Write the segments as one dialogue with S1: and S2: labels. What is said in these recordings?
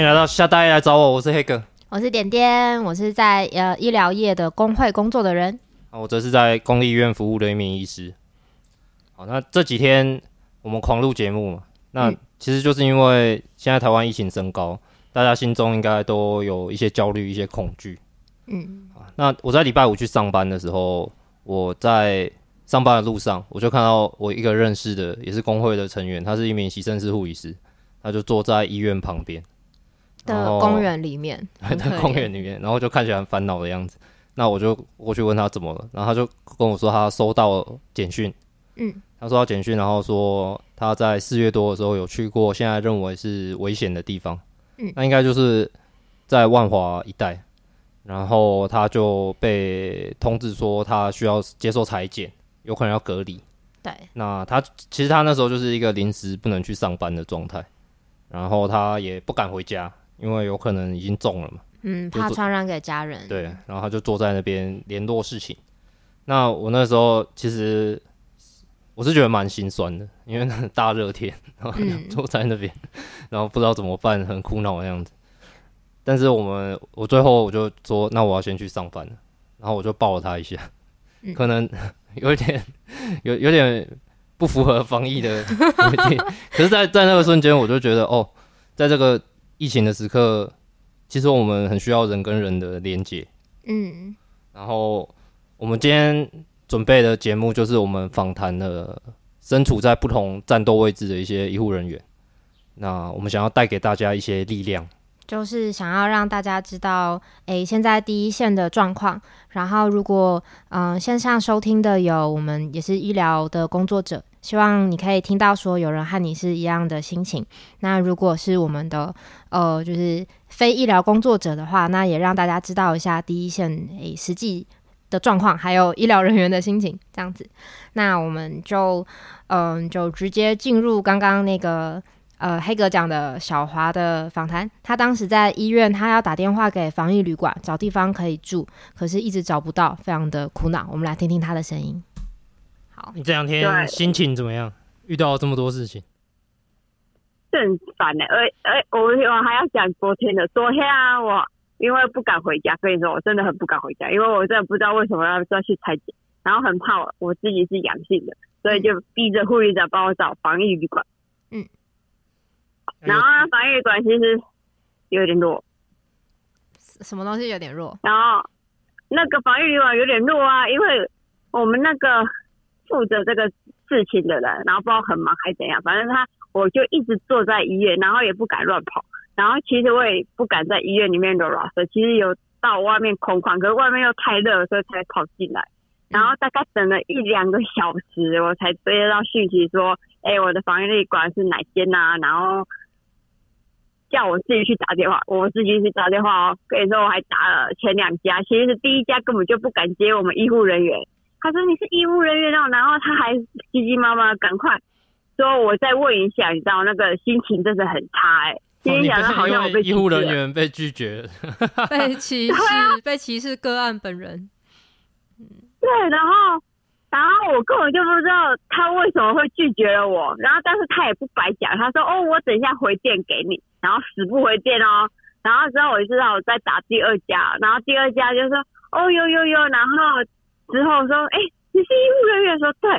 S1: 歡迎來到夏大，來找我，我是黑哥，
S2: 我是點點，我是在呃醫療業的工會工作的人。
S1: 啊，我則是在公立醫院服務的一名醫師。好，那這幾天我們狂錄節目嘛，那其實就是因為現在台灣疫情升高，大家心中應該都有一些焦慮，一些恐懼。嗯，啊，那我在禮拜五去上班的時候，我在上班的路上，我就看到我一個認識的，也是工會的成員，他是一名犧牲式護理師，他就坐在醫院旁邊。公園
S2: 裡面，還在公園
S1: 裡面，然後就看起來很煩惱的樣子。那我就過去問他怎麼了，然後他就跟我說他收到簡訊，嗯，他收到簡訊，然後說他在四月多的時候有去過現在認為是危險的地方，嗯，那應該就是在萬華一帶，然後他就被通知說他需要接受採檢，有可能要隔離。對，那他其實他那時候就是一個臨時不能去上班的狀態，然後他也不敢回家。因為有可能已經中了嘛，嗯，
S2: 怕傳染給家人。對，
S1: 然後他就坐在那邊聯絡事情。那我那時候其實我是覺得蠻心酸的，因為那大熱天，然後坐在那邊，嗯，然後不知道怎麼辦，很苦惱的樣子。但是我們，我最後我就說，那我要先去上班了。然後我就抱了他一下，嗯、可能有一點有有點不符合防疫的規定， 可是在在那個瞬間，我就覺得哦，在這個。疫情的時刻，其實我們很需要人跟人的連接。嗯，然後我們今天準備的節目就是我們訪談了身處在不同戰鬥位置的一些醫護人員。那我們想要帶給大家一些力量，
S2: 就是想要讓大家知道，欸，現在第一線的狀況。然後，如果嗯，線上收聽的有我們也是醫療的工作者。希望你可以聽到說有人和你是一樣的心情。那如果是我們的呃，就是非醫療工作者的話，那也讓大家知道一下第一線誒、欸、實際的狀況，還有醫療人員的心情這樣子。那我們就嗯、呃，就直接進入剛剛那個呃黑哥講的小華的訪談。他當時在醫院，他要打電話給防疫旅館找地方可以住，可是一直找不到，非常的苦惱。我們來聽聽他的聲音。
S1: 你這兩天心情怎麼樣？遇到這麼多事情，
S3: 很煩呢，而而我我還要講昨天的。昨天啊，我因為不敢回家，所以說，我真的很不敢回家，因為我真的不知道為什麼要再去採檢，然後很怕我，我自己是陽性的，所以就逼着護理長幫我找防疫旅館。嗯，然後防疫旅館其實有點弱，什麼東西有點弱？然後那個防疫旅館有點弱啊，因為我們那個。負責這個事情的人，然後不知道很忙還是怎樣，反正他我就一直坐在醫院，然後也不敢亂跑，然後其實我也不敢在醫院裡面 r o l 其實有到外面空曠，可是外面又太熱，所以才跑進來，然後大概等了一兩個小時，我才接到訊息說，哎，我的防疫旅館是哪間吶、啊？然後叫我自己去打電話，我自己去打電話哦，跟你說我還打了前兩家，其實是第一家根本就不敢接我們醫護人員。他說你是醫務人員，然後，然後他還急急忙忙趕快說，我再問一下，你知道，那個心情真的很差哎、
S1: 欸。好像我被醫護人員被拒絕了，
S2: 被歧視、 啊，被歧視個案本人。嗯，
S3: 對，然後，然後我根本就不知道他為什麼會拒絕了我，然後，但是他也不白講，他說，哦，我等一下回電給你，然後死不回電哦，然後之後我知道我再打第二家，然後第二家就說，哦喲喲喲，然後。之後說，哎、欸，你是醫護人員？說對，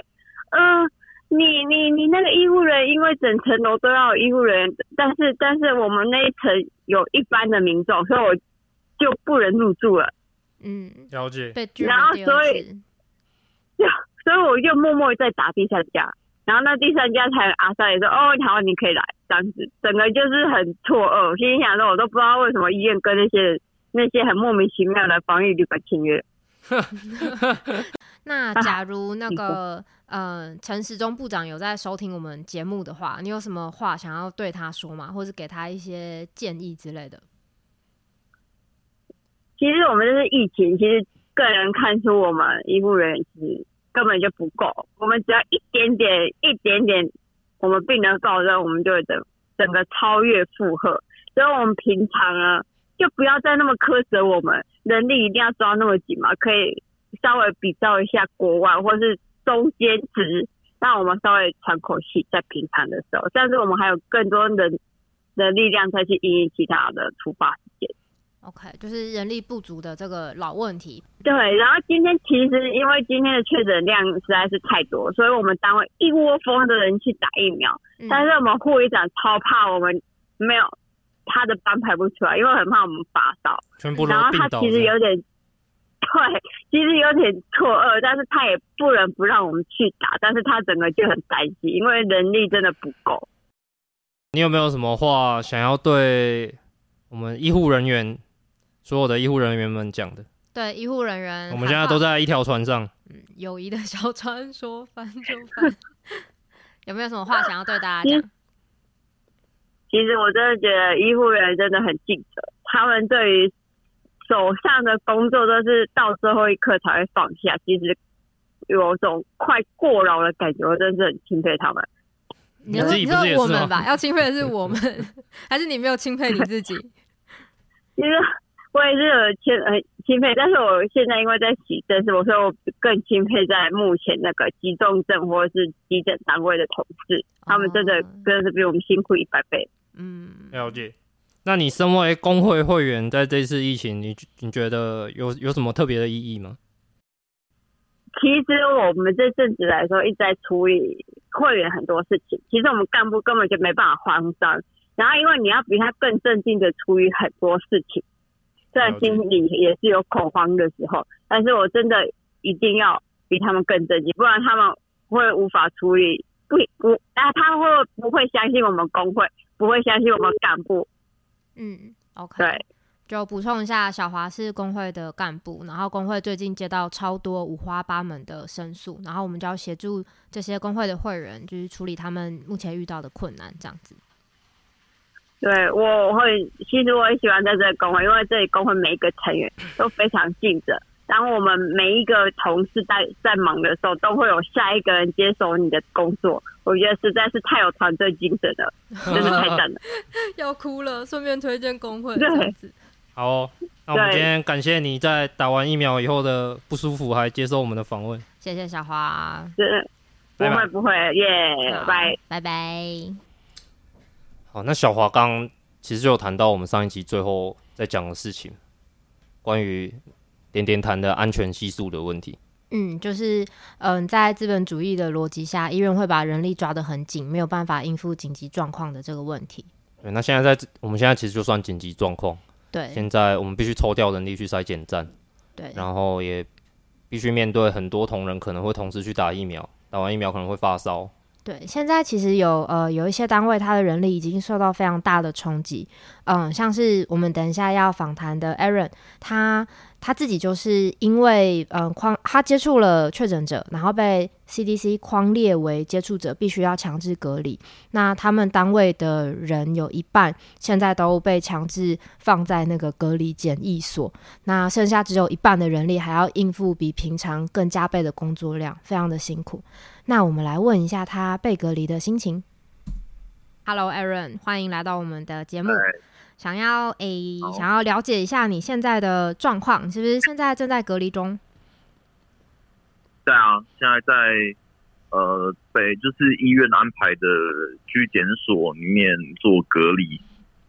S3: 嗯、呃，你你你那個醫護人員，因為整層樓都要有醫護人員，但是但是我們那一層有一般的民眾，所以我就不能入住了。嗯，
S1: 了解。然後所以，
S3: 就所以我就默默在打第三家，然後那第三家才阿三也說，哦，好，你可以來這樣子，整個就是很錯愕。我心裡想說，我都不知道為什麼醫院跟那些那些很莫名其妙的防疫旅館簽約。嗯
S2: 那假如那個、啊、呃陳時中部長有在收聽我們節目的話，你有什麼話想要對他說嗎？或是給他一些建議之類的？
S3: 其實我們這是疫情，其實個人看出我們醫護人員其實根本就不夠，我們只要一點點一點點我，我們病人夠，然，我們就會整整個超越負荷、嗯。所以我們平常啊。就不要再那麼苛責我們，人力一定要抓那麼緊嘛，可以稍微比較一下國外，或是中間值，讓我們稍微喘口氣，在平常的時候。但是我們還有更多人的力量再去應應其他的突發事件。
S2: OK，就是人力不足的這個老問題。
S3: 對，然後今天其實因為今天的確診量實在是太多，所以我們單位一窩蜂的人去打疫苗，嗯、但是我們護理長超怕我們沒有。他的班排不出來，因為很怕我們發燒全部都病倒。然後他其實有點，對，其實有點錯愕，但是他也不能不讓我們去打，但是他整個就很擔心，因為人力真的不
S1: 夠。你有沒有什麼話想要對我們醫護人員，所有的醫護人員們講的？
S2: 對醫護人員，我們現在都
S1: 在一條船上，
S2: 友誼的小船說翻就翻。 有沒有什麼話想要對大家講？嗯
S3: 其實我真的覺得醫護人員真的很盡責，他們對於手上的工作都是到最後一刻才會放下。其實有種快過勞的感覺，我真的很欽佩他們。自己是
S2: 是、嗯。你說我們吧，要欽佩的是我們， 還是你沒有欽佩你自己？ 其
S3: 實我也是欽欽佩，但是我現在因為在洗腎，是我所以我更欽佩在目前那個急重症或者是急診單位的同事，他們真的真的是比我們辛苦一百倍。
S1: 嗯，了解。那你身為工會會員，在這次疫情，你你覺得有有什麼特別的意義嗎？
S3: 其實我們這陣子來說，一直在處理會員很多事情。其實我們幹部根本就沒辦法慌張，然後因為你要比他更鎮靜的處理很多事情。在心裡也是有恐慌的時候，但是我真的一定要比他們更正經，不然他們會無法處理，不不、啊，他會不會相信我
S2: 們工會？不會相
S3: 信我們幹部。
S2: 嗯，OK，對，就補充一下，小華是工會的幹部，然後工會最近接到超多五花八門的申訴，然後我們就要協助這些工會的會員，就是處理他們目前遇到的困難，這樣子。
S3: 對，我會，其實我很喜歡在這裡工會，因為這裡工會每一個成員都非常盡責。 當我們每一個同事在在忙的時候，都會有下一個人接手你的工作。我覺得實在是太有團隊精神
S1: 了， 真是太讚了，
S2: 要哭了。順便推薦工會，
S1: 好、哦，那我們今天感謝你在打完疫苗以後的不舒服還接受我們的訪問，
S2: 謝謝小華，不會不會，耶、yeah, yeah.，拜拜，
S1: 好，那小華剛剛其實就談到我們上一集最後在講的事情，關於，點點談的安全係數的問題。
S2: 嗯，就是嗯、呃，在資本主義的邏輯下，醫院會把人力抓得很緊，沒有辦法應付緊急狀況的這個問題。
S1: 對，那現在在我們現在其實就算緊急狀況。對。現在我們必須抽調人力去篩檢站。對。然後也必須面對很多同仁可能會同時去打疫苗，打完疫苗可能會發燒。
S2: 對，現在其實有呃有一些單位，他的人力已經受到非常大的衝擊。嗯，像是我們等一下要訪談的 Aaron，他他自己就是因為嗯匡，他接觸了確診者，然後被 CDC 匡列為接觸者，必須要強制隔離。那他們單位的人有一半現在都被強制放在那個隔離檢疫所，那剩下只有一半的人力還要應付比平常更加倍的工作量，非常的辛苦。那我們來問一下他被隔離的心情。Hello，Aaron，歡迎來到我們的節目。Hi. 想要誒、欸，想要了解一下你現在的狀況，是不是現在正在隔離中？
S4: 對啊，現在在呃，北就是醫院安排的居檢所裡面做隔離。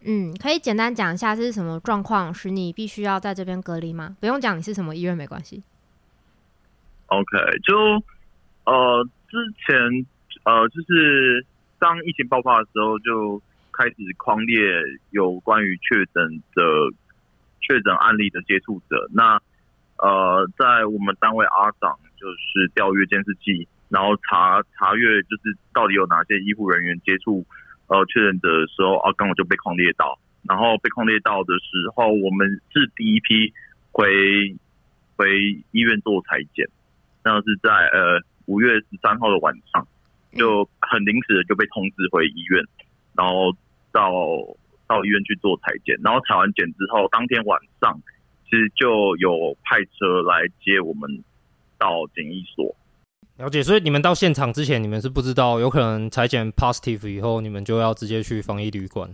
S2: 嗯，可以簡單講一下是什麼狀況使你必須要在這邊隔離嗎？不用講你是什麼醫院沒關係。
S4: OK，就呃之前呃就是當疫情爆發的時候就。開始匡列有關於確診的確診案例的接觸者。那呃，在我們單位阿長就是調閱監視器，然後查查閱，就是到底有哪些醫護人員接觸呃確診者的時候，阿剛我就被匡列到。然後被匡列到的時候，我們是第一批回回醫院做採檢。那是在呃五月十三號的晚上，就很臨時的就被通知回醫院，然後。到到醫院去做採檢，然後採完檢之後，當天晚上其實就有派車來接我們到檢疫所。
S1: 了解，所以你們到現場之前，你們是不知道有可能採檢 positive 以後，你們就要直接去防疫旅館？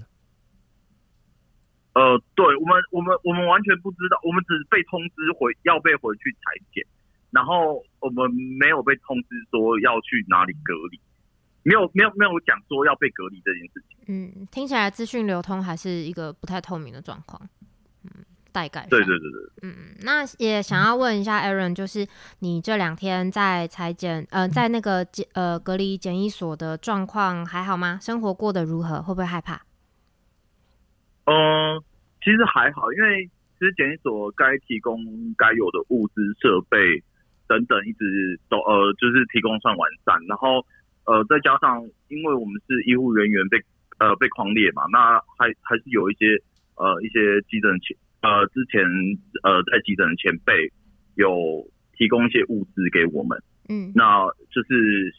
S4: 呃，對，我們，我們，我們完全不知道，我們只是被通知回，要被回去採檢，然後我們沒有被通知說要去哪裡隔離。沒有，沒有，沒有講說要被隔
S5: 離這
S2: 件事情。嗯，聽起來資訊流通還是一個不太透明的狀況。嗯，大概對
S5: 對對
S2: 嗯，那也想要問一下 Aaron，就是你這兩天在採檢，嗯、呃，在那個呃，隔離檢疫所的狀況還好嗎？生活過得如何？會不會害怕？嗯、
S4: 呃，其實還好，因為其實檢疫所該提供該有的物資、設備等等，一直都呃，就是提供算完善，然後。呃，再加上，因為我們是醫護人員被呃被匡列嘛，那還還是有一些呃一些急診前呃之前呃在急診的前輩有提供一些物資給我們，嗯，那就是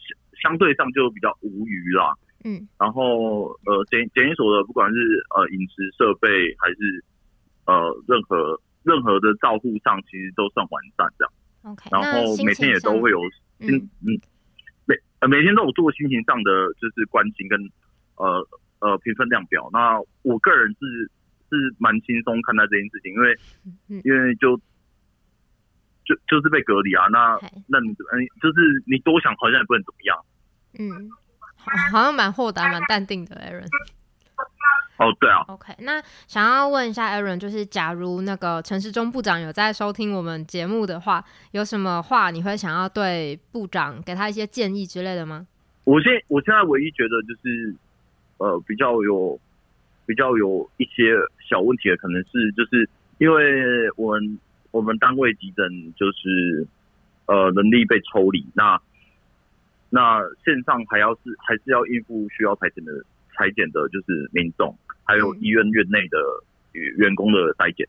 S4: 相相對上就比較無虞啦，嗯，然後呃檢檢疫所的不管是呃飲食設備還是呃任何任何的照顧上，其實都算完善這樣，OK，
S5: 然後每天也都會有嗯嗯。嗯
S4: 每天都有做心情上的就是關心跟呃呃評分量表。那我個人是是蠻輕鬆看待這件事情，因為因為就就就是被隔離啊。那、okay. 那你怎麼就是你多想好像也不能怎麼樣。
S2: 嗯，好，好像蠻豁達、蠻淡定的 Aaron。哦、oh，對啊。OK，那想要問一下 Aaron，就是假如那個陳時中部長有在收聽我們節目的話，有什麼話你會想要對部長給他一些建議之類的嗎？
S4: 我現在我現在唯一覺得就是，呃，比較有比較有一些小問題的，可能是就是因為我們我們單位急診就是呃人力被抽離，那那線上還要是還是要應付需要採檢的採檢的就是民眾。還有醫院院內的員工的篩檢，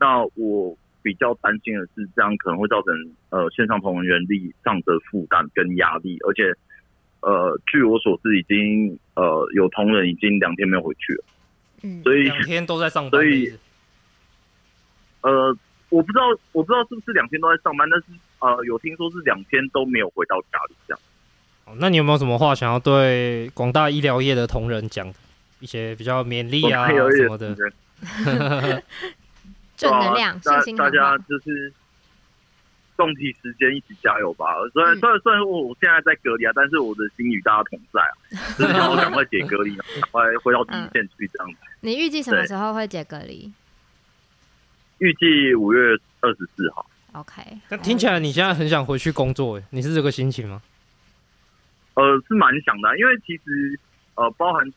S4: 那我比較擔心的是，這樣可能會造成呃線上同仁人力上的負擔跟壓力，而且呃據我所知，已經呃有同仁已經兩天沒有回去了，嗯，
S1: 所以兩天都在上班，所以
S4: 呃我不知道我不知道是不是兩天都在上班，但是呃有聽說是兩天都沒有回到家裡，這樣。
S1: 那你有沒有什麼話想要對廣大醫療業的同仁講？一些比較勉勵啊, okay, 啊什麼的，
S4: 正能量、啊 大，大家就是共體時艱一起加油吧。雖然雖然雖然我現在在隔離啊，但是我的心與大家同在啊。只是想趕快解隔離、啊，趕 快回到第一線去這樣子。
S2: 嗯、你預計什麼時候會解隔離？
S4: 預計五月二十四號。
S2: OK。那
S1: 聽起來你現在很想回去工作、欸，哎，你是這個心情嗎？
S4: 呃、嗯，是蠻想的、啊，因為其實呃，包含在。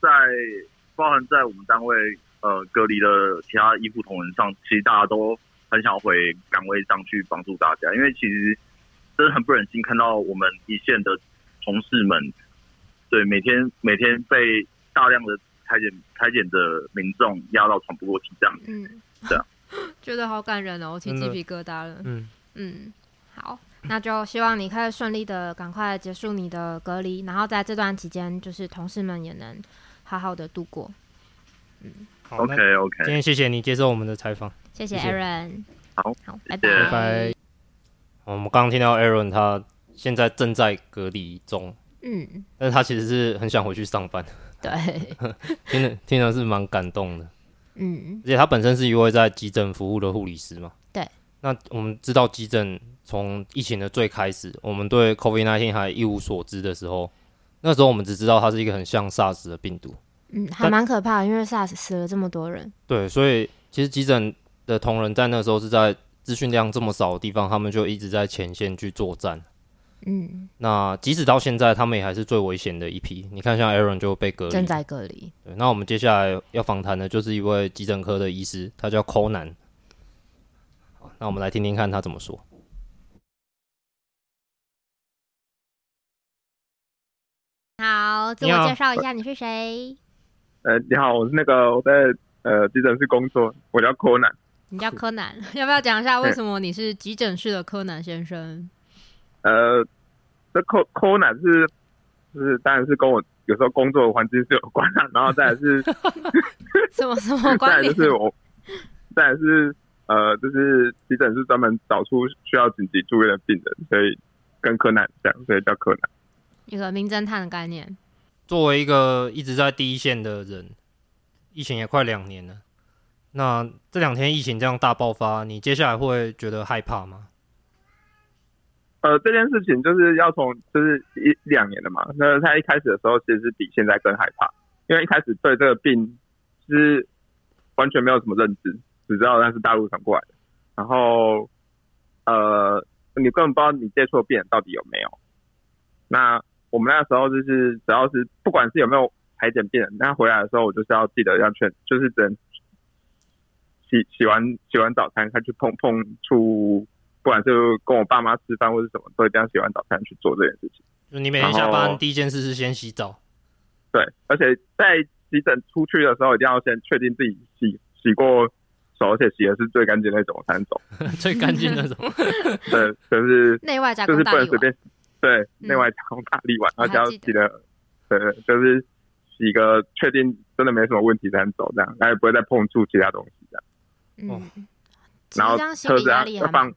S4: 包含在我們單位呃隔離的其他醫護同仁上，其實大家都很想回崗位上去幫助大家，因為其實真的很不忍心看到我們一線的同事們，對每天每天被大量的採檢、採檢的民眾壓到喘不過氣這樣，嗯，這樣
S2: 覺得好感人哦，我起雞皮疙瘩了，嗯嗯，好，那就希望你可以順利的趕快結束你的隔離，嗯，然後在這段期間，就是同事們也能。好好的度過，嗯
S1: ，OK OK，今天謝謝你接受我們的採訪，謝謝 Aaron，
S2: 謝謝，好，好，拜拜，拜拜。
S1: 我們剛剛聽到 Aaron 他現在正在隔離中，嗯，但是他其實是很想回去上班，對， 聽的聽着是蠻感動的，嗯，而且他本身是一位在急診服務的護理師嘛，對，那我們知道急診從疫情的最開始，我們對 COVID-19 還一無所知的時候。那時候我們只知道它是一個很像 SARS 的病毒，嗯，
S2: 還蠻可怕的，因為 SARS 死了這麼多人。
S1: 對，所以其實急診的同仁在那時候是在資訊量這麼少的地方，他們就一直在前線去作戰。嗯，那即使到現在，他們也還是最危險的一批。你看，像 Aaron 就被隔離，正在隔離。對，那我們接下來要訪談的就是一位急診科的醫師，他叫寇南。好，那我們來聽聽看他怎麼說。
S2: 好，自我介紹一下，你是誰
S6: 你？呃，你好，我是那個我在呃急診室工作，我叫柯南。
S2: 你叫柯南柯，要不要講一下為什麼你是急診室的柯南先生？
S6: 呃，這柯柯南是是當然是跟我有時候工作的環境是有關的啊，然後再來是
S2: 什麼什麼關，再來就是我
S6: 再來是呃，就是急診室專門找出需要緊急住院的病人，所以跟柯南一樣，所以叫柯南。
S2: 一個名偵探的概念。
S1: 作為一個一直在第一線的人，疫情也快兩年了。那這兩天疫情這樣大爆發，你接下來會覺得害怕嗎？
S6: 呃，這件事情就是要從就是一兩年了嘛。那他一開始的時候，其實是比現在更害怕，因為一開始對這個病是完全沒有什麼認知，只知道那是大陸傳過來的。然後，呃，你根本不知道你接觸的病人到底有沒有。那我們那時候就是只要是不管是有沒有排檢病人，那回來的時候我就是要記得要勸，就是只能洗洗完洗完早餐，他去碰碰觸，不管是跟我爸媽吃飯或是什麼都一定要洗完早餐去做這件事情。
S1: 就你每天下班第一件事是先洗澡。對，而
S6: 且在急診出去的時候，一定要先確定自己洗洗過手，而且洗的是最乾淨那種，的餐種，才能走。最乾淨那種。對，可是就是。內 外加不能隨便。對，內、嗯、外加大力丸，然後還要記得，呃，就是洗個確定真的沒什麼問題才能走，這樣。然後不會再碰觸其他東西，這樣。嗯，然後力力車上車子要放，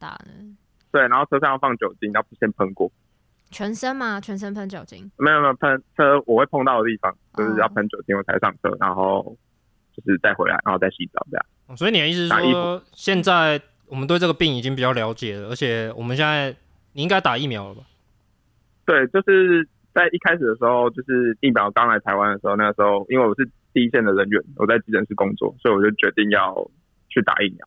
S6: 對，然後車上要放酒精，然後先噴過
S2: 全身嘛，全身噴酒精。
S6: 沒有沒有，噴，車我會碰到的地方就是要噴酒精，我才上車，然後就是再回來，然後再洗澡這樣。
S1: 嗯，所以你的意思是說，現在我們對這個病已經比較了解了，而且我們現在你應該打疫苗了吧？
S6: 對，就是在一開始的時候，就是疫苗剛來台灣的時候，那個時候，因為我是第一線的人員，我在急診室工作，所以我就決定要去打疫苗。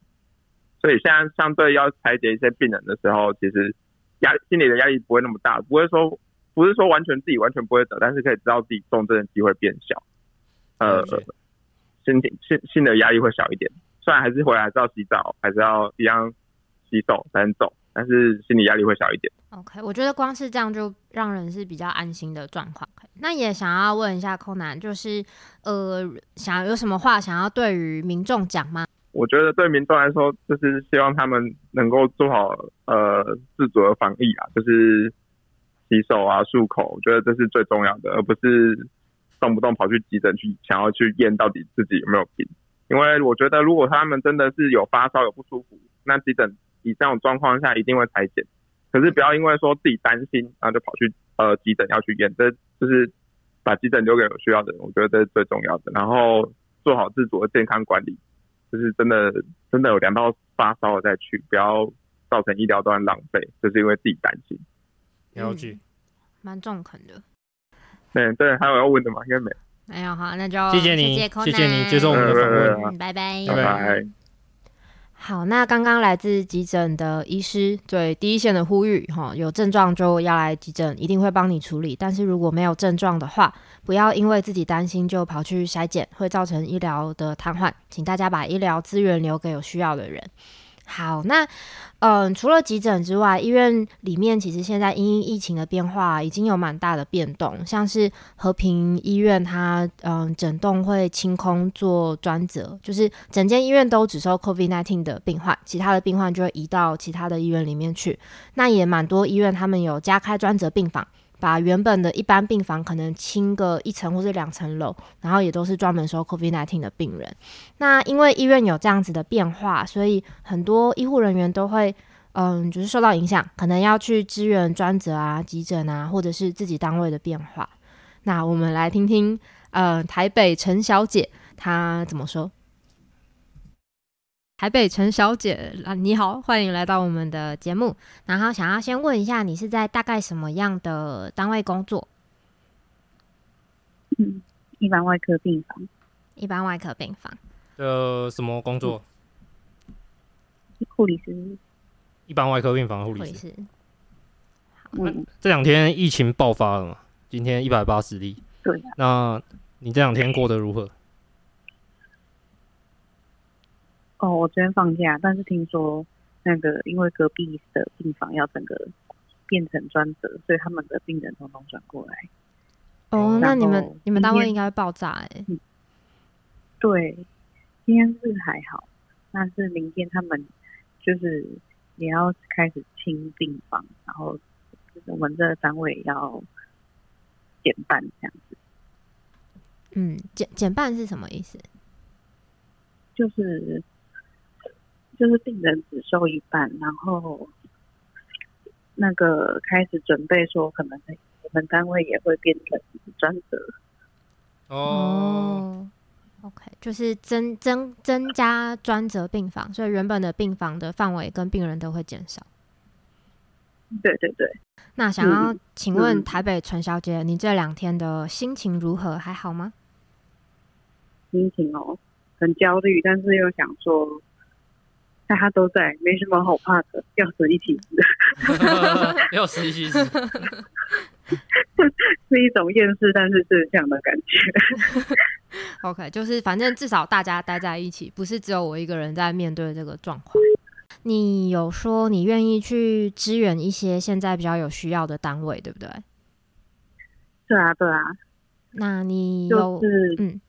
S6: 所以現在相對要採檢一些病人的時候，其實壓心理的壓力不會那麼大，不會說不是說完全自己完全不會得，但是可以知道自己重症的機會變小。呃，okay. 心，心，心的壓力會小一點，雖然還是回來還是要洗澡，還是要一樣洗手才能走。但是心理壓力會小一點。
S2: OK，我覺得光是這樣就讓人是比較安心的狀況。那也想要問一下寇南，就是呃，想要有什麼話想要對於民眾講嗎？
S6: 我覺得對民眾來說，就是希望他們能夠做好呃自主的防疫啊，就是洗手啊、漱口，我覺得這是最重要的，而不是動不動跑去急診去想要去驗到底自己有沒有病。因為我覺得如果他們真的是有發燒、有不舒服，那急診。以這種狀況下，一定會採檢。可是不要因為說自己擔心，然後就跑去呃急診要去驗，這是，就是把急診留給有需要的人。我覺得這是最重要的。然後做好自主的健康管理，就是真的真的有量到發燒了再去，不要造成醫療端浪費，就是因為自己擔心。了、嗯、解，
S2: 蠻中肯
S6: 的。嗯，對，還有要問的嗎？應該沒有。沒、
S2: 哎、有好，那就謝謝你，謝謝你，Conan，謝謝你接受我們的訪問，對對對對拜拜，拜拜。拜拜好，那剛剛來自急診的醫師對第一線的呼籲，哈，有症狀就要來急診，一定會幫你處理。但是如果沒有症狀的話，不要因為自己擔心就跑去篩檢，會造成醫療的癱瘓。請大家把醫療資源留給有需要的人。好，那嗯，除了急診之外，醫院裡面其實現在因疫情的變化已經有蠻大的變動，像是和平醫院它，它嗯整棟會清空做專責，就是整間醫院都只收 COVID nineteen 的病患，其他的病患就會移到其他的醫院裡面去。那也蠻多醫院，他們有加開專責病房。把原本的一般病房可能清個一層或是兩層樓，然後也都是專門收 COVID nineteen 的病人。那因為醫院有這樣子的變化，所以很多醫護人員都會，嗯，就是受到影響，可能要去支援專責啊、急診啊，或者是自己單位的變化。那我們來聽聽，呃、嗯，台北陳小姐她怎麼說。台北陳小姐，啊，你好，歡迎來到我們的節目。然後想要先問一下，你是在大概什麼樣的單位工作？嗯，一般外科病房。一般外科病房。
S1: 呃，什麼工作？護理
S2: 師、
S1: 嗯。一般外科病房護理
S2: 師。那、
S1: 嗯、欸、這兩天疫情爆發了嘛？今天一百八十例。對、啊。那你這兩天過得如何？
S5: 哦，我昨天放假，但是聽說那個因為隔壁的病房要整個變成專責，所以他們的病人統統轉過來。哦，那你們你們單位應該
S2: 會爆炸哎，欸。
S5: 嗯，對，今天是還好，但是明天他們就是也要開始清病房，然後我們這個單位要減半這樣子。嗯，減減半是什麼意思？就是。就是病人只收一半，然後那個開始準備說，
S2: 可能我們單位也會變成專責。哦、oh，OK，就是增增增加專責病房，所以原本的病房的範圍跟病人都會減少。
S5: 對對對，那想要
S2: 請問台北陳小姐，嗯嗯、你這兩天的心情如何？還好嗎？
S5: 心情哦，很焦慮，但是又想說。大家都在，沒什麼好怕的，要死一起死，
S1: 要死一起死，
S5: 是一種厭世，但是是這樣的感
S2: 覺。 OK，就是反正至少大家待在一起，不是只有我一個人在面對這個狀況。你有說你願意去支援一些現在比較有需要的單位，對不對？對啊，對啊。那你有、就是、嗯。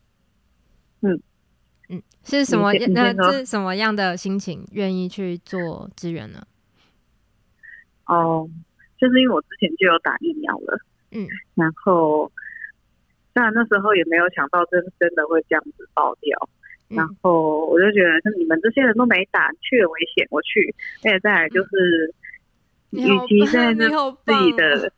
S2: 是什麼？那是什麼樣的心情？願意去做支援呢？哦、
S5: oh，就是因為我之前就有打疫苗
S2: 了，
S5: 嗯，然後但那時候也沒有想到真真的會這樣子爆掉、嗯，然後我就覺得你們這些人都沒打，去了危險，我去。哎，再來就是，與、嗯、其在那自己的，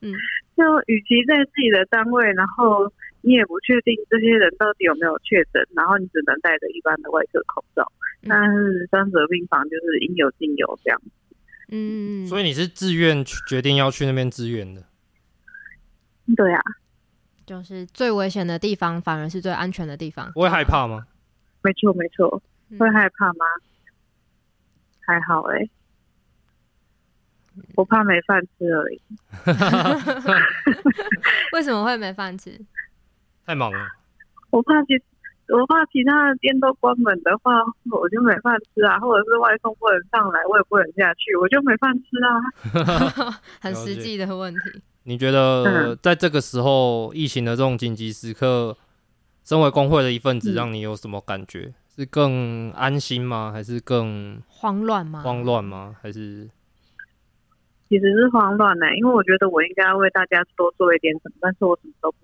S5: 嗯，就與其在自己的單位，然後。你也不確定這些人到底有沒有確診，然後你只能戴着一般的外科口罩，嗯。但是專責病房就是應有盡有這樣。
S1: 嗯。所以你是自願決定要去那邊自願的？
S2: 對啊。就是最危險的地方，反而是最安全的地方。
S1: 不會害怕嗎？
S5: 沒、嗯、錯，沒錯。會害怕嗎？嗯、還好哎、欸。我怕沒飯吃而已。
S2: 為什麼會沒飯吃？
S1: 太忙了，
S5: 我怕其，我怕其他的店都關門的話，我就沒飯吃啊！或者是外送不能上來，我也不能下去，我就沒飯吃啊！ 很實際的
S2: 問題。
S1: 你覺得在這個時候疫情的這種緊急時刻、嗯，身為工會的一份子，讓你有什麼感覺、嗯？是更安心嗎？還是更
S5: 慌亂嗎？慌
S1: 亂嗎？還是
S5: 其實是慌亂呢、欸？因為我覺得我應該要為大家多做一點什麼，但是我什麼都。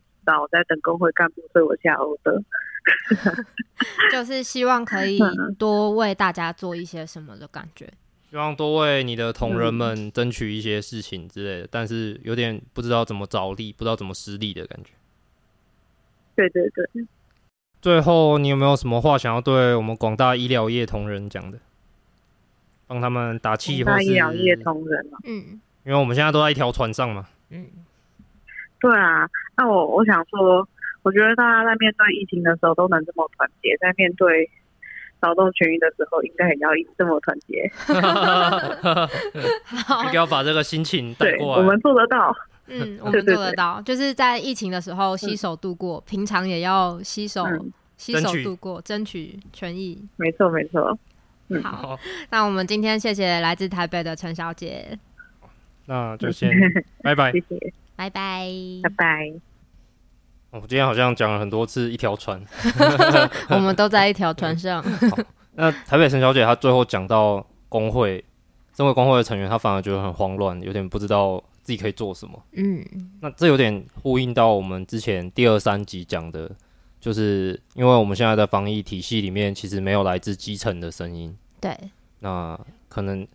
S5: 我在等工會幹部對我加油
S2: 的。 就是希望可以多為大家做一些什麼的感覺。
S1: 希望多為你的同仁們爭取一些事情之類的，嗯、但是有點不知道怎麼着力，不知道怎麼施力的感覺。對對對。最後，你有沒有什麼話想要對我們廣大醫療業同仁講的？幫他們打氣或是，醫療業同仁嘛，嗯，因為我們現在都在一條船上嘛，嗯。
S5: 對啊，那我我想說，我覺得大家在面對疫情的時候都能這麼團結，在面對勞動權益的時候，應該也要這麼
S1: 團結。 你一定要把這個心情帶過來。我們
S5: 做得
S2: 到。嗯 對對對，我們做得到。就是在疫情的時候攜手度過，嗯，平常也要攜手攜手度過，爭、嗯、取，取權益。沒錯，沒、嗯、錯。好，那我們今天謝謝來自台北的陳小姐。
S1: 那就先 拜拜，謝
S2: 謝。拜拜拜
S1: 拜！我今天好像講了很多次一條船， 我們都在一
S2: 條船上 。
S1: 那台北陳小姐她最後講到工會，身為工會的成員，她反而覺得很慌亂，有點不知道自己可以做什麼。嗯，那這有點呼應到我們之前第二、三集講的，就是因為我們現在的防疫體系裡面，其實沒有來自基層的聲音。對，那可能。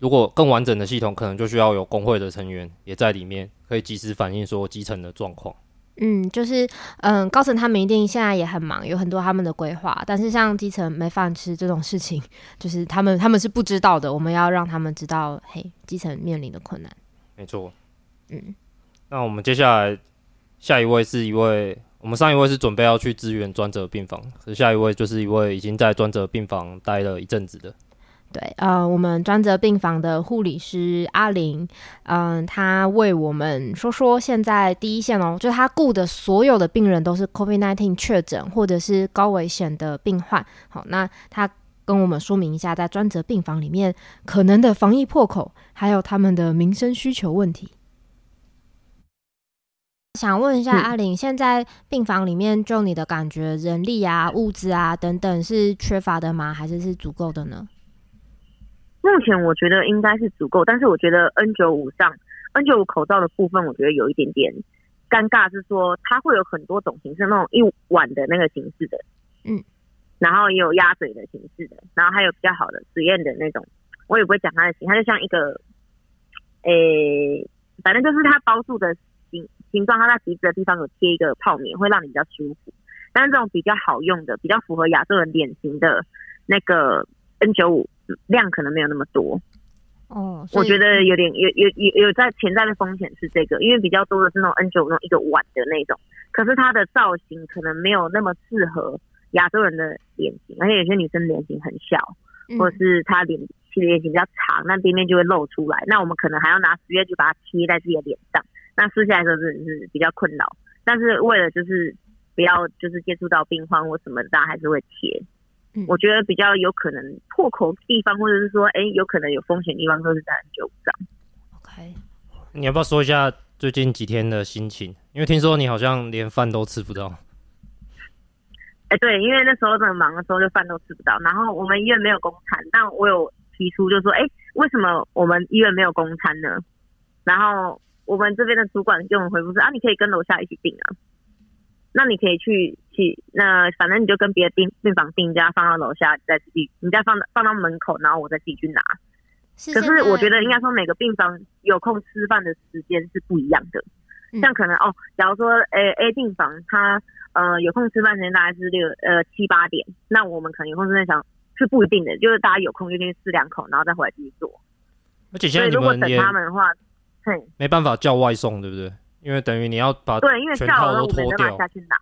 S1: 如果更完整的系統，可能就需要有工會的成員也在裡面，可以及時反映說基層的狀況。
S2: 嗯，就是嗯，高層他們一定現在也很忙，有很多他們的規劃，但是像基層沒飯吃這種事情，就是他們他們是不知道的，我們要讓他們知道，嘿，基層面臨的困難。
S1: 沒錯。嗯，那我們接下來下一位是一位，我們上一位是準備要去支援專責病房，可是下一位就是一位已經在專責病房待了一陣子的。
S2: 對，呃，我們專責病房的護理師阿玲，嗯、呃，她為我們說說現在第一線哦、喔，就是她僱的所有的病人都是 COVID-19 確診或者是高危險的病患。好，那他跟我們說明一下，在專責病房裡面可能的防疫破口，還有他們的民生需求問題。想問一下、嗯、阿玲，現在病房裡面就你的感覺，人力啊、物資啊等等是缺乏的嗎？還是是足夠的呢？
S7: 目前我覺得應該是足夠，但是我覺得 N95 上 N95 口罩的部分，我覺得有一點點尷尬，是說它會有很多種形式，那種一碗的那個形式的，嗯，然後也有鴨嘴的形式的，然後還有比較好的實驗的那種，我也不會講它的型，它就像一個，誒、欸，反正就是它包住的形形狀，它在鼻子的地方有貼一個泡棉，會讓你比較舒服，但是這種比較好用的，比較符合亞洲人臉型的那個 N95。量可能沒有那麼多哦，哦，我覺得有點有有有有在潛在的風險是這個，因為比較多的是那種 N95 那種一個碗的那種，可是它的造型可能沒有那麼適合亞洲人的臉型，而且有些女生臉型很小，或是她臉、其臉型比較長，那邊邊就會露出來，那我們可能還要拿尺月去把它貼在自己的臉上，那撕下來的時候是是比較困擾，但是為了就是不要就是接觸到病患或什麼，大家還是會貼。嗯、我覺得比較有可能破口的地方，或者是說，哎、欸，有可能有風險的地方，都是在九章。OK，
S1: 你要不要說一下最近幾天的心情？因為聽說你好像連飯都吃不到。
S7: 哎、欸，對，因為那時候很忙的時候，就飯都吃不到。然後我們醫院沒有供餐，但我有提出，就是說，哎、欸，為什麼我們醫院沒有供餐呢？然後我們這邊的主管跟我們回復說，啊，你可以跟樓下一起訂啊。那你可以去。那反正你就跟別的病病房定家下，放到樓下再，再你你再放放到門口，然後我再自己去拿謝謝。可是我覺得應該說，每個病房有空吃飯的時間是不一樣的。嗯、像可能哦，假如說誒 A 病房他呃有空吃飯時間大概是六呃七八點，那我們可能有空吃飯時間是不一定的，就是大家有空就先吃兩口，然後再回來繼續做。
S1: 而且現在你如果等他們
S7: 的話，嘿，
S1: 沒辦法叫外送，對不對？因為等於你要把對，因為叫了都沒辦法下
S7: 去拿。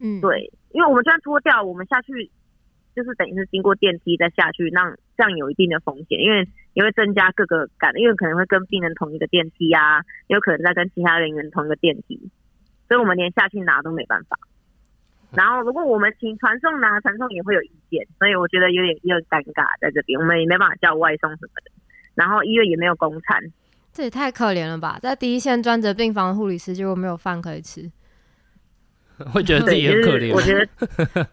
S7: 嗯，對，因為我們這樣脫掉，我們下去就是等於是經過電梯再下去，那這樣有一定的風險，因為也會增加各個感，因為可能會跟病人同一個電梯啊，有可能在跟其他人員同一個電梯，所以我們連下去拿都沒辦法。然後如果我們請傳送拿、啊，傳送也會有意見，所以我覺得有點有點尷尬在這邊，我們
S2: 也沒辦法叫外送什麼的。然後醫院也沒有公餐，這也太可憐了吧！在第一線專責病房的護理師，結果沒有飯可以吃。
S1: 我會覺得自己很可憐。就是、
S2: 我覺得，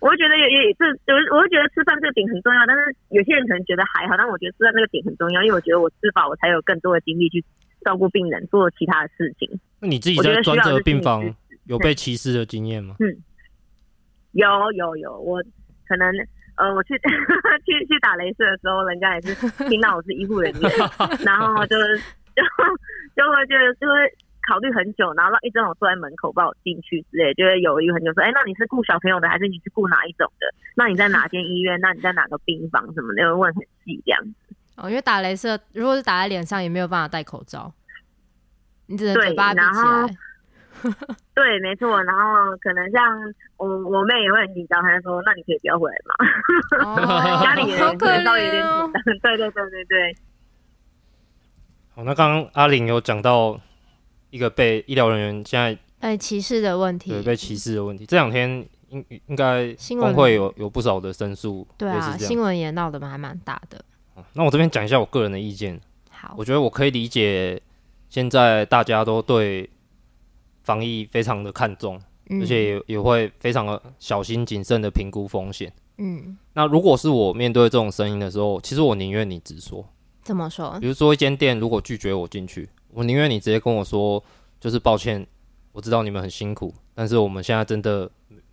S2: 我覺得有，有，這，我我會覺得吃飯這個點很重要。但是有些人
S7: 可能覺得還好，但我覺得吃飯那個點很重要，因為我覺得我吃飽，我才有更多的精力去照顧病人，做其他的事情。那你自己在專責病房有被歧
S1: 視的經驗嗎？嗯，
S7: 有有有，我可能呃，我去 去去打雷射的時候，人家也是聽到我是醫護人員， 然後就就會覺得就會。考慮很久，然後讓一直讓我坐在門口，不讓我進去之類，就會猶豫很久。說：“哎、欸，那
S2: 你是僱小朋友的，還是你是僱哪一種的？那你在哪間醫院？那你在哪個病房？什麼？都、那、會、個、問很細這樣子。”哦，因為打雷射，如果是打在臉上，也沒有辦法戴口罩，你只能嘴巴比起來。對，然後
S7: 對沒錯。然後可能像我，我妹也會很緊張，她就說：“那你可以不要回來嘛。哦”
S5: 家裡人可、哦、可能
S2: 稍微有點緊張。 對，對對
S1: 對對對。好，那剛剛阿玲有講到，一個被醫療人員現
S2: 在、哎、歧視的問題，對
S1: 被歧視的問題，嗯、這兩天應應該工會有有不少的申訴，對啊，新
S2: 聞也鬧得還蠻大的。
S1: 那我這邊講一下我個人的意見。好，我覺得我可以理解，現在大家都對防疫非常的看重，嗯、而且也也會非常的小心謹慎的評估風險。嗯，那如果是我面對這種聲音的時候，其實我寧願你直說。
S2: 怎麼說？比如
S1: 說，一間店如果拒絕我進去。我寧願你直接跟我說，就是抱歉，我知道你們很辛苦，但是我們現在真的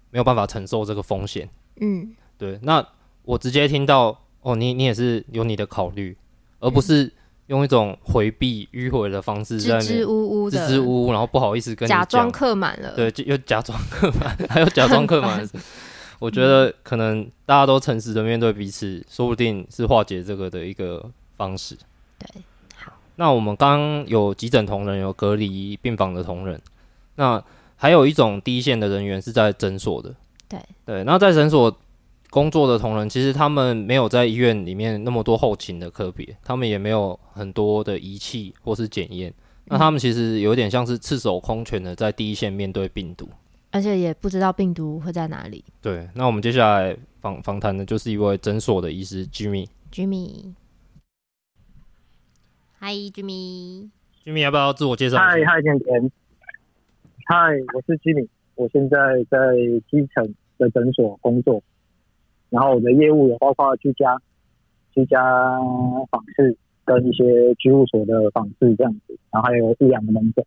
S1: 沒有辦法承受這個風險。嗯，對。那我直接聽到哦，你你也是有你的考慮，嗯，而不是用一種迴避迂迴的方式在支支吾吾，支支吾吾，然後不好意思跟你假裝客滿了，對，又假裝客滿，還有假裝客滿。我覺得可能大家都誠實的面對彼此，嗯，說不定是化解這個的一個方式。對。那我們剛有急診同仁，有隔離病房的同仁，那還有一種第一線的人員是在診所的。對對，那在診所工作的同仁，其實他們沒有在醫院裡面那麼多後勤的科別，他們也沒有很多的儀器或是檢驗、嗯，那他們其實有點像是赤手空拳的在第一線面對病毒，
S2: 而且也不知道病毒會在哪裡。
S1: 對，那我們接下來訪訪談的就是一位診所的醫師 Jimmy。
S2: Jimmy 嗨，Jimmy。
S1: Jimmy, 要不要自
S8: 我介紹？嗨，嗨，甜甜。嗨，我是 Jimmy。我現在在基層的診所工作，然後我的業務有包括居家、居家訪視跟一些居住所的訪視這樣子，然後還有飼養的門診。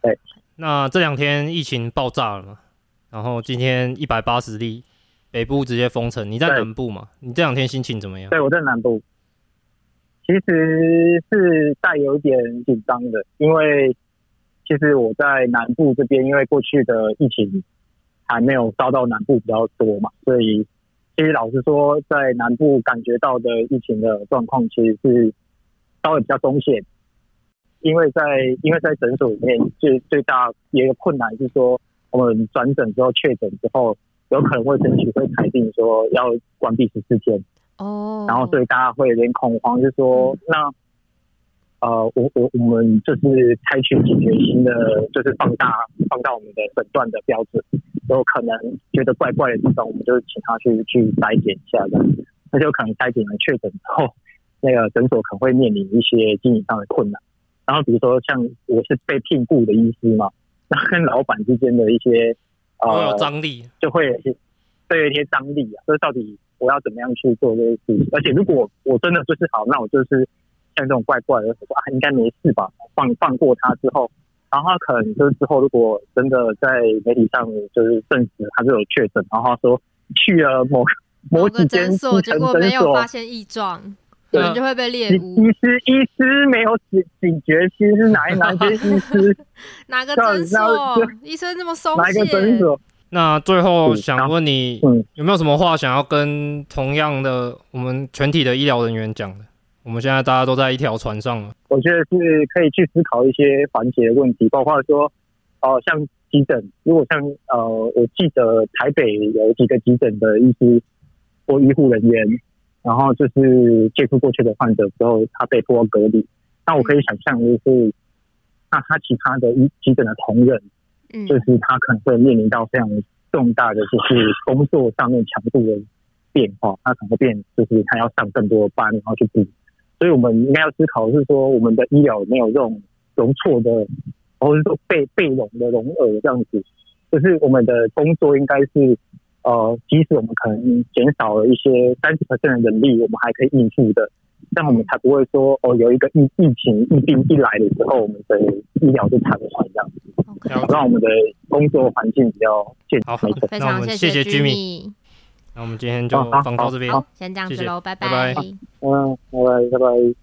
S1: 對，那這兩天疫情爆炸了嘛，然後今天一百八十例，北部直接封城。你在南部嘛，你這兩天心情怎麼樣？對，我在南部。
S8: 其實是帶有一點緊張的，因為其實我在南部這邊，因為過去的疫情還沒有燒到南部比較多嘛，所以其實老實說，在南部感覺到的疫情的狀況，其實是稍微比較鬆懈。因為在因為在診所裡面，最最大也有困難是說，我們轉診之後確診之後，有可能衛生局會裁定說要關閉十四天。哦、oh.，然後所以大家會有點恐慌就，就、oh. 說那，呃，我我我們就是採取解決新的，就是放大放大我們的診斷的標準，然後可能覺得怪怪的地方，我們就請他去去篩檢一下吧，的那就可能篩檢了確診之後，那個診所可能會面臨一些經營上的困難。然後比如說像我是被聘雇的醫師嘛，那跟老闆之間的一些呃張力就會會有一些張力啊，所以到底。我要怎麼樣去做這些事情？而且如果我真的就是好，那我就是像這種怪怪的說啊，應該沒事吧？放放過他之後，然後可能就是之後如果真的在媒體上就是證實他就有確診，然後他說去了某某幾間診所，診所結果沒有發現
S2: 異狀，對，人就會被獵巫。其實醫
S8: 師沒有警警覺心，
S2: 其實是哪一間醫師？ 哪個診所， 所？醫生這麼鬆懈？
S1: 那最後想問你，有沒有什麼話想要跟同樣的我們全體的醫療人員講的？我們現在大家都在一條船上了，
S8: 我覺得是可以去思考一些環節問題，包括說，哦、呃，像急診，如果像呃，我記得台北有幾個急診的醫師或醫護人員，然後就是接觸過去的患者之後，他被迫隔離，那我可以想象的是，那他其他的醫急診的同仁。嗯、就是他可能會面臨到非常重大的，就是工作上面強度的變化，他可能會變，就是他要上更多的班，然後去、就、補、是。所以我們應該要思考的是說，我們的醫療沒有這種容錯的，或者是說被被容的容耳這樣子，就是我們的工作應該是，呃，即使我們可能減少了一些三十%的人力，我們還可以應付的。這樣我們才不會說哦，有一個疫疫情、疫病一來了之後，我們的醫療就插不上，這樣子。好、okay.，讓我們的工作環境比較
S1: 健康。非常、okay. 謝謝 Jimmy、哦、i、哦、那我們今天就放到這邊、哦，先這樣子嘍，拜拜。嗯、啊，拜拜，拜
S2: 拜。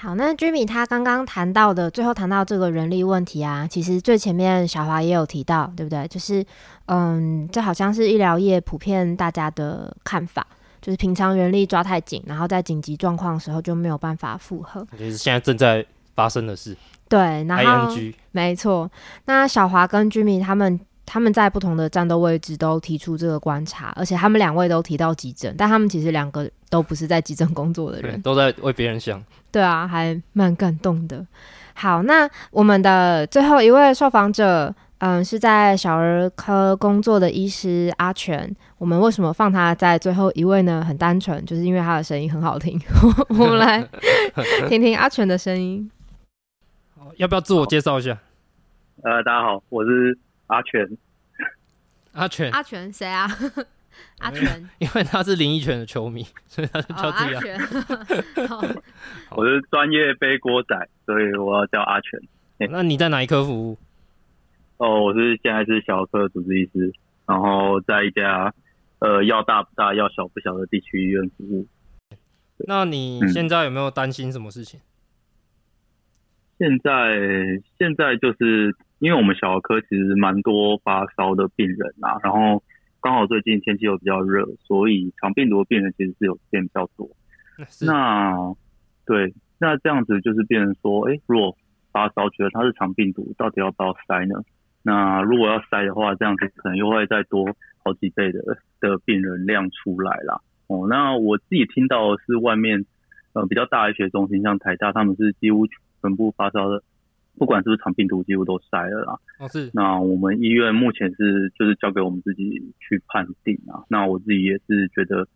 S2: 好，那 Jimmy 他剛剛談到的，最後談到這個人力問題啊，其實最前面小華也有提到，對不對？就是嗯，這好像是醫療業普遍大家的看法。就是平常人力抓太緊，然後在緊急狀況的時候就沒有辦法負荷。
S1: 就是現在正在發生的事。對，那
S2: 沒錯。那小華跟 Jimmy 他們他們在不同的戰鬥位置都提出這個觀察，而且他們兩位都提到急診，但他們其實兩個都不是在急診工作的人，
S1: 都在為別人想。
S2: 對啊，還蠻感動的。好，那我們的最後一位受訪者。嗯，是在小兒科工作的醫師阿全。我們為什麼放他在最後一位呢？很單純，就是因為他的聲音很好聽。 我們來聽聽阿全的聲音 。
S1: 要不要自我介紹一下？呃，大家好，我是阿全。阿、啊啊、全？
S2: 阿、啊、全誰啊？阿、啊、全
S1: 因，因為他是林益全的球迷，所以他是叫阿、啊哦啊、全。
S4: 我是專業背鍋仔，所以我要叫阿全。
S1: 那你在哪一科服務？
S4: 哦、oh，我是現在是小兒科的主治醫師，然後在一家，呃，要大不大，要小不小的地區醫院服務。
S1: 那你現在有沒有擔心什麼事情？嗯、
S4: 現在現在就是因為我們小兒科其實蠻多發燒的病人啊，然後剛好最近天氣又比較熱，所以腸病毒的病人其實是有變比較多。
S5: 是。
S4: 那對，那這樣子就是變成說，哎、欸，如果發燒，覺得他是腸病毒，到底要不要塞呢？那如果要篩的話，這樣子可能又會再多好幾倍的的病人量出來啦。哦，那我自己聽到的是外面呃比較大一些的醫學中心，像台大，他們是幾乎全部發燒的，不管是不是長病毒，幾乎都篩了啦。哦，是。那我們醫院目前是就是交給我們自己去判定啊。那我自己也是覺得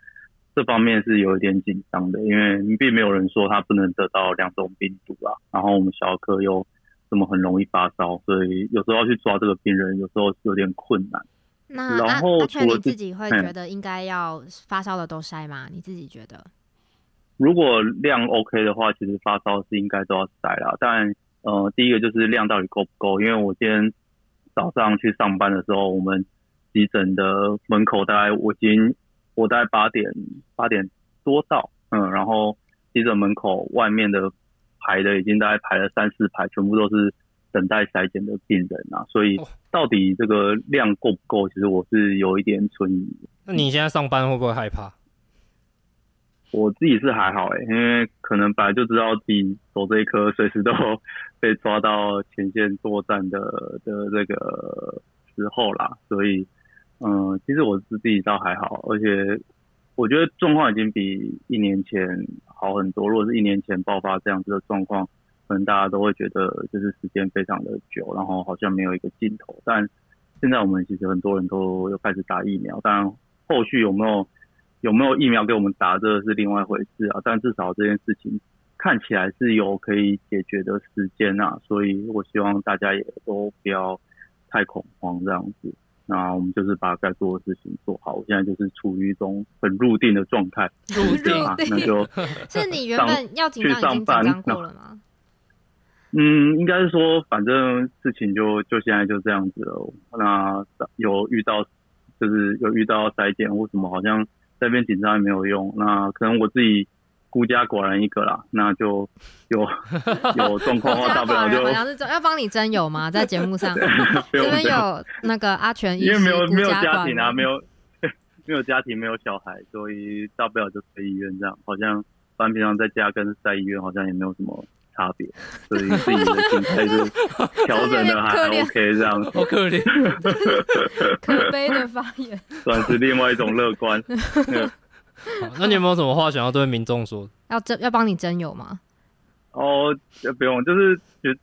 S4: 這方面是有一點緊張的，因為並沒有人說他不能得到兩種病毒啊。然後我們小兒科又。怎麼很容易發燒，所以有時候要去抓這個病人，有時候是有點困難。
S2: 那然後你、啊、自己會覺得應該要發燒的都篩嗎？嗯？你自己覺得？
S4: 如果量 OK 的話，其實發燒是應該都要篩啦。但呃，第一個就是量到底夠不夠？因為我今天早上去上班的時候，我們急診的門口大概我已經我大概八點八點多到，嗯，然後急診門口外面的，排的已經大概排了三四排，全部都是等待篩檢的病人啊，所以到底這個量夠不夠，其實我是有一點存疑。那
S1: 你現在上班會不會害怕？
S4: 我自己是還好哎、欸，因為可能本來就知道自己走這一科，隨時都被抓到前線作戰的的這個時候啦，所以嗯，其實我自己倒還好，而且。我覺得狀況已經比一年前好很多。如果是一年前爆發這樣子的狀況，可能大家都會覺得就是時間非常的久，然後好像沒有一個盡頭。但現在我們其實很多人都又開始打疫苗，但後續有沒有有沒有疫苗給我們打，這是另外一回事啊。但至少這件事情看起來是有可以解決的時間啊，所以我希望大家也都不要太恐慌這樣子。那我們就是把該做的事情做好。我現在就是處於一種很入定的狀態，入定啊，那就 是你原本要緊張已經緊張過了嗎？嗯，應該是說，反正事情就就現在就這樣子了。那有遇到就是有遇到災點或什麼，好像這邊緊張也沒有用。那可能我自己。孤家寡人一個啦，那就有有狀況的話，大不了就
S2: 要幫你徵友嗎？在節目上， 這邊有那個阿全醫生， 因為沒有沒有家庭啊，沒
S4: 有沒有家庭，沒有小孩，所以大不了就在醫院這樣，好像反正平常在家跟在醫院好像也沒有什麼差別，所以自己的心態就調整的還，還 OK 這樣， 這是很可憐，好可憐， 可悲的
S2: 發言，
S1: 算是另外一種樂觀。 那你有沒有什麼話想要對民眾說？
S2: 要要幫你徵友嗎？
S1: 哦，oh，不用，就是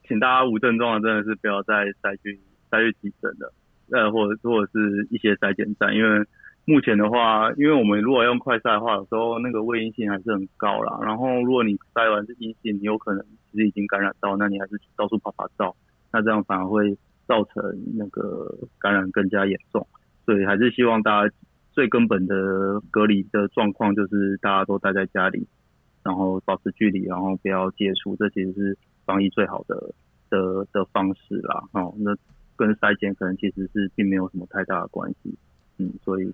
S4: 請大家無症狀的真的是不要再再去再去急診的，呃，或者或者是一些篩檢站，因為目前的話，因為我們如果要用快篩的話，有時候那個偽陰性還是很高啦。然後如果你篩完是陰性，你有可能其實已經感染到，那你還是到處拍拍照，那這樣反而會造成那個感染更加嚴重，所以還是希望大家。最根本的隔離的狀況就是大家都待在家裡，然後保持距離，然後不要接觸，這其實是防疫最好的的的方式啦。哦，那跟篩檢可能其實是並沒有什麼太大的關係。嗯，所以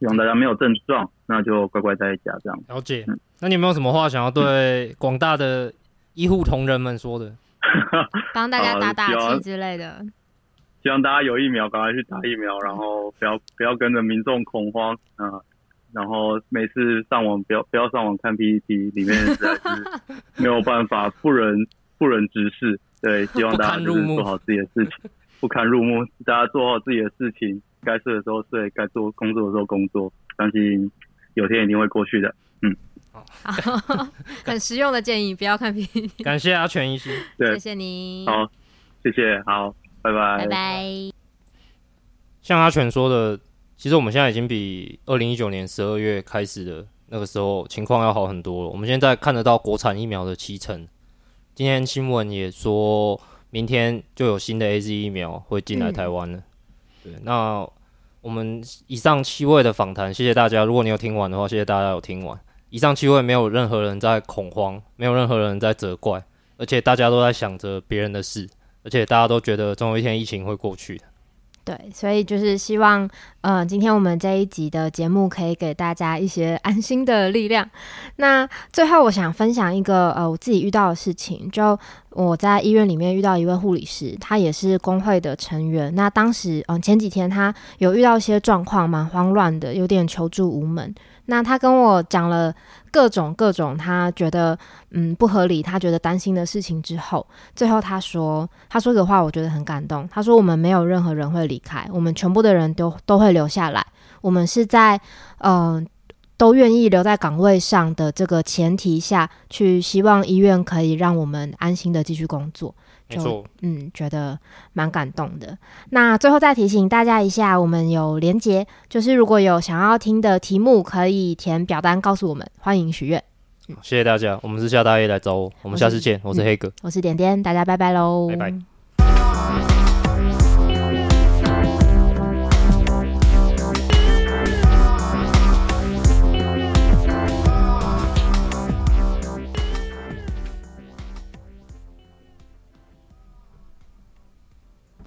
S4: 希望大家沒有症狀，嗯、那就乖乖在家這樣。
S1: 了解、嗯。那你有沒有什麼話想要對廣大的醫護同仁們說的，
S2: 幫 大家打打氣之類的？
S4: 希望大家有疫苗，趕快去打疫苗，然後不要不要跟着民眾恐慌，嗯、呃，然後每次上網不要不要上網看 PPT，裡面實在是沒有辦法不忍不忍直視。對，希望大家做好自己的事情不，不堪入目。大家做好自己的事情，該睡的時候睡，該做工作的時候工作。相信有天一定會過去的。
S2: 嗯，好，很實用的建議，不要看 PPT。
S1: 感謝阿全醫師，對，謝謝
S2: 你。好，
S1: 謝謝，好。拜拜，拜拜。像阿全說的，其實我們現在已經比二零一九年十二月開始的那個時候情況要好很多了。我們現在看得到國產疫苗的七成，今天新聞也說明天就有新的 AZ 疫苗會進來台灣了。嗯。對，那我們以上七位的訪談，謝謝大家。如果你有聽完的話，謝謝大家有聽完。以上七位沒有任何人在恐慌，沒有任何人在責怪，而且大家都在想着別人的事。而且大家都覺得總有一天疫情會過去的，
S2: 對，所以就是希望，呃，今天我們這一集的節目可以給大家一些安心的力量。那最後我想分享一個，呃，我自己遇到的事情。就我在醫院裡面遇到一位護理師，他也是工會的成員。那當時，嗯，呃，前幾天他有遇到一些狀況，蠻慌亂的，有點求助無門。那他跟我講了各種各種他覺得嗯不合理、他覺得擔心的事情之後，最後他說，他說的話我覺得很感動。他說，我們沒有任何人會離開，我們全部的人都都會留下來。我們是在嗯、呃、都願意留在崗位上的這個前提下去，希望醫院可以讓我們安心的繼續工作。沒錯，嗯，覺得蠻感動的。那最後再提醒大家一下，我們有連結，就是如果有想要聽的題目，可以填表單告訴我們，歡迎許願、嗯。
S1: 謝謝大家，我們是夏大爺來找我，我們下次見。我是，我是黑哥、嗯，
S2: 我是點點，大家拜拜嘍，拜拜。拜拜